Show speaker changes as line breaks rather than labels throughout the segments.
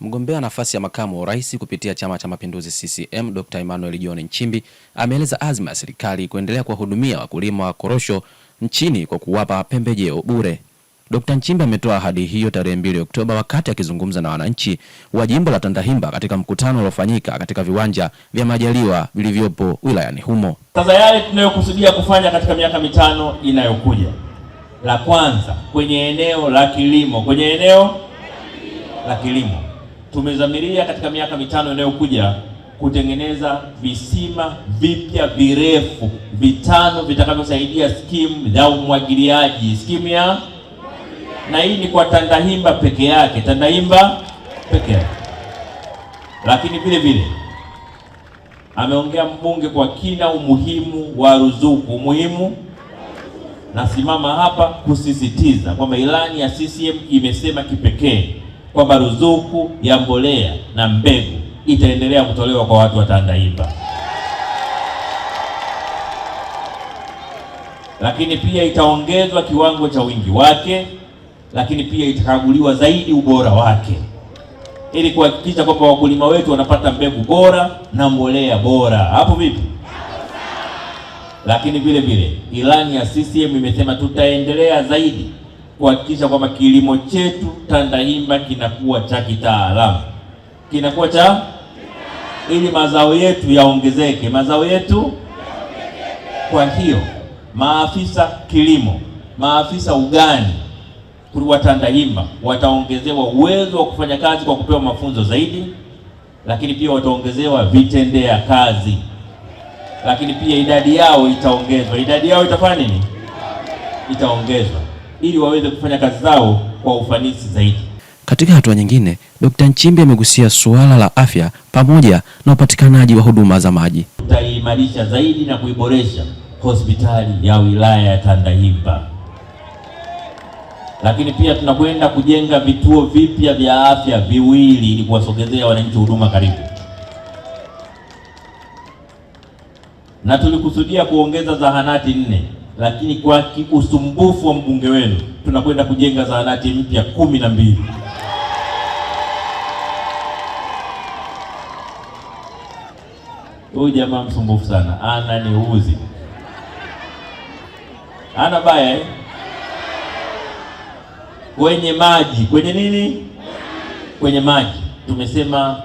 Mgombea nafasi ya makamu wa rais kupitia Chama cha Mapinduzi CCM Dr. Emmanuel John Nchimbi ameeleza azma ya serikali kuendelea kuwahudumia wakulima wa korosho nchini kwa kuwapa pembejeo bure. Dr. Nchimbi ametoa ahadi hiyo tarehe 2 Oktoba wakati akizungumza na wananchi wa jimbo la Tandahimba katika mkutano uliofanyika katika viwanja vya Majaliwa vilivyopo wilayani humo.
Sasa yale tunayokusudia kufanya katika miaka mitano inayokuja, la kwanza kwenye eneo la kilimo, kwenye eneo
la kilimo
tumezamiria katika miaka mitano inayokuja kutengeneza visima vipya virefu vitano vitakavyosaidia skimu ya umwagiliaji, skimu ya na hii ni kwa Tandahimba peke yake, Tandahimba peke yake. Lakini vile vile ameongea mbunge kwa kina umuhimu wa ruzuku, umuhimu nasimama hapa kusisitiza kwamba ilani ya CCM imesema kipekee kwamba ruzuku ya mbolea na mbegu itaendelea kutolewa kwa watu wa Tandahimba, lakini pia itaongezwa kiwango cha wingi wake, lakini pia itakaguliwa zaidi ubora wake ili kuhakikisha kwamba wakulima wetu wanapata mbegu bora na mbolea bora. Hapo vipi? Lakini vile vile ilani ya CCM imesema tutaendelea zaidi kuhakikisha kwamba kilimo chetu Tandahimba kinakuwa cha kitaalamu, kinakuwa cha ili mazao yetu yaongezeke, mazao yetu. Kwa hiyo maafisa kilimo, maafisa ugani wa Tandahimba wataongezewa uwezo wa kufanya kazi kwa kupewa mafunzo zaidi, lakini pia wataongezewa vitendea kazi, lakini pia idadi yao itaongezwa. Idadi yao itafanya nini? Itaongezwa ili waweze kufanya kazi zao kwa ufanisi zaidi.
Katika hatua nyingine, Dkt. Nchimbi amegusia suala la afya pamoja na upatikanaji wa huduma za maji.
Tutaiimarisha zaidi na kuiboresha hospitali ya wilaya ya Tandahimba, lakini pia tunakwenda kujenga vituo vipya vya afya viwili ili kuwasogezea wananchi huduma karibu, na tulikusudia kuongeza zahanati nne lakini kwa usumbufu wa mbunge wenu tunakwenda kujenga zahanati mpya kumi na mbili. Huyu jamaa msumbufu sana, ana ni uzi ana baya eh? Kwenye maji kwenye nini, kwenye maji tumesema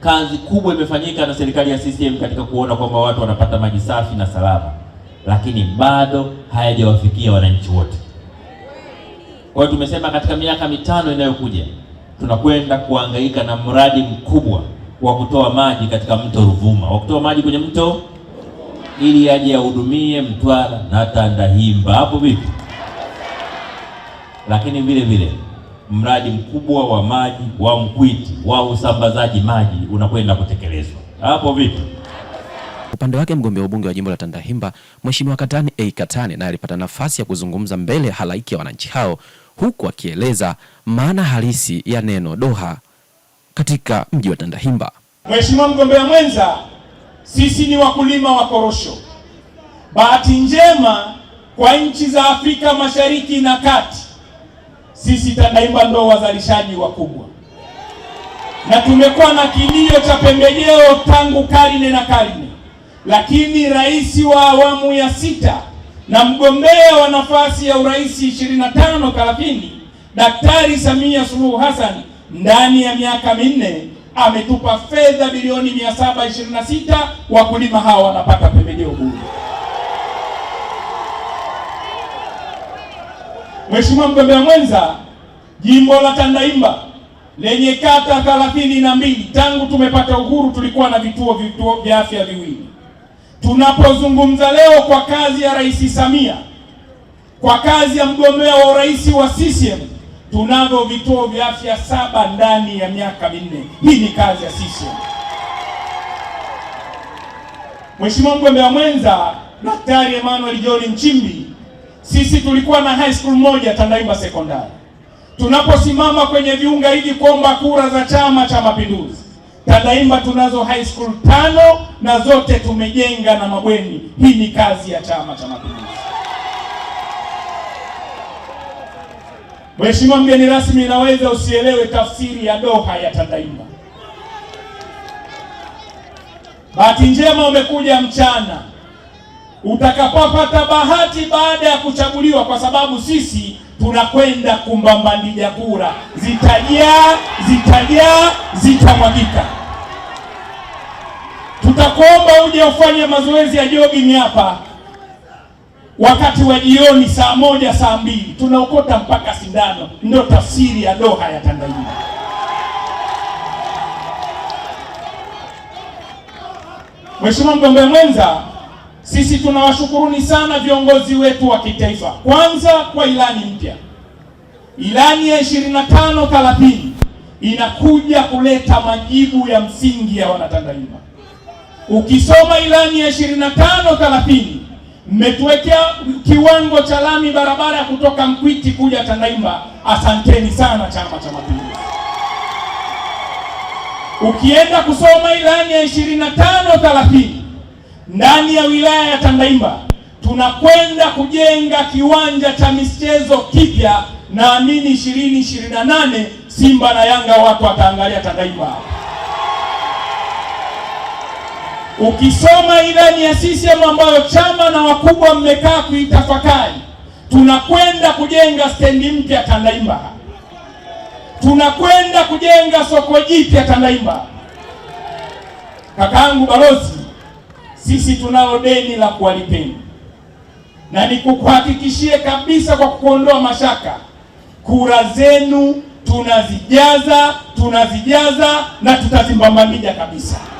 kazi kubwa imefanyika na serikali ya CCM katika kuona kwamba watu wanapata maji safi na salama lakini bado hayajawafikia wananchi wote. Kwa hiyo tumesema katika miaka mitano inayokuja tunakwenda kuangaika na mradi mkubwa wa kutoa maji katika mto Ruvuma, wa kutoa maji kwenye mto ili aje yahudumie Mtwara na Tandahimba. Hapo vipi? Lakini vile vile mradi mkubwa wa maji wa Mkwiti wa usambazaji maji unakwenda kutekelezwa. Hapo vipi?
Upande wake mgombea wa ubunge wa jimbo la Tandahimba Mheshimiwa Katani A Katani naye alipata nafasi ya kuzungumza mbele ya halaiki ya wananchi hao huku akieleza maana halisi ya neno Doha katika mji wa Tandahimba.
Mheshimiwa mgombea mwenza, sisi ni wakulima wa korosho. Bahati njema kwa nchi za Afrika Mashariki na Kati, sisi Tandahimba ndo wazalishaji wakubwa, na tumekuwa na kilio cha pembejeo tangu karne na karne lakini rais wa awamu ya sita na mgombea wa nafasi ya urais 25 Kalafini, Daktari Samia Suluhu Hassan ndani ya miaka minne ametupa fedha bilioni 726, wakulima hawa wanapata pembejeo bure. Mheshimiwa mgombea mwenza, jimbo la Tandaimba lenye kata thelathini na mbili tangu tumepata uhuru tulikuwa na vituo vituo vya afya viwili Tunapozungumza leo kwa kazi ya Rais Samia, kwa kazi ya mgombea wa urais wa CCM, tunavyo vituo vya afya saba ndani ya miaka minne. Hii ni kazi ya CCM. Mheshimiwa mgombea mwenza Daktari Emmanuel John Nchimbi, sisi tulikuwa na high school moja Tandaimba Sekondari. Tunaposimama kwenye viunga hivi kuomba kura za Chama cha Mapinduzi Tadaima tunazo high school tano na zote tumejenga na mabweni. Hii ni kazi ya Chama cha Mapinduzi. Mheshimiwa mgeni rasmi, naweza usielewe tafsiri ya Doha ya Tadaima. Bahati njema umekuja mchana, utakapopata bahati baada ya kuchaguliwa, kwa sababu sisi tunakwenda kumbambania kura, zitajaa zitajaa, zitamwagika. Tutakuomba uje ufanye mazoezi ya jogging hapa wakati wa jioni, saa moja saa mbili, tunaokota mpaka sindano. Ndio tafsiri ya Doha ya Tanganyika. Mheshimiwa mgombea mwenza sisi tunawashukuruni sana viongozi wetu wa kitaifa, kwanza kwa ilani mpya. Ilani ya 25 30 inakuja kuleta majibu ya msingi ya Wanatanganyika. Ukisoma ilani ya 25 30 mmetuwekea kiwango cha lami barabara ya kutoka Mkwiti kuja Tandaimba. Asanteni sana Chama cha Mapinduzi. Ukienda kusoma ilani ya 25 30 ndani ya wilaya ya Tandaimba tunakwenda kujenga kiwanja cha michezo kipya, naamini ishirini 28 Simba na Yanga watu wataangalia Tandaimba. Ukisoma ilani ya CCM ambayo chama na wakubwa mmekaa kuitafakari, tunakwenda kujenga stendi mpya Tandaimba, tunakwenda kujenga soko jipya Tandaimba. Kakaangu balozi sisi tunalo deni la kuwalipeni, na nikukuhakikishie kabisa kwa kuondoa mashaka, kura zenu tunazijaza, tunazijaza na tutazipambania kabisa.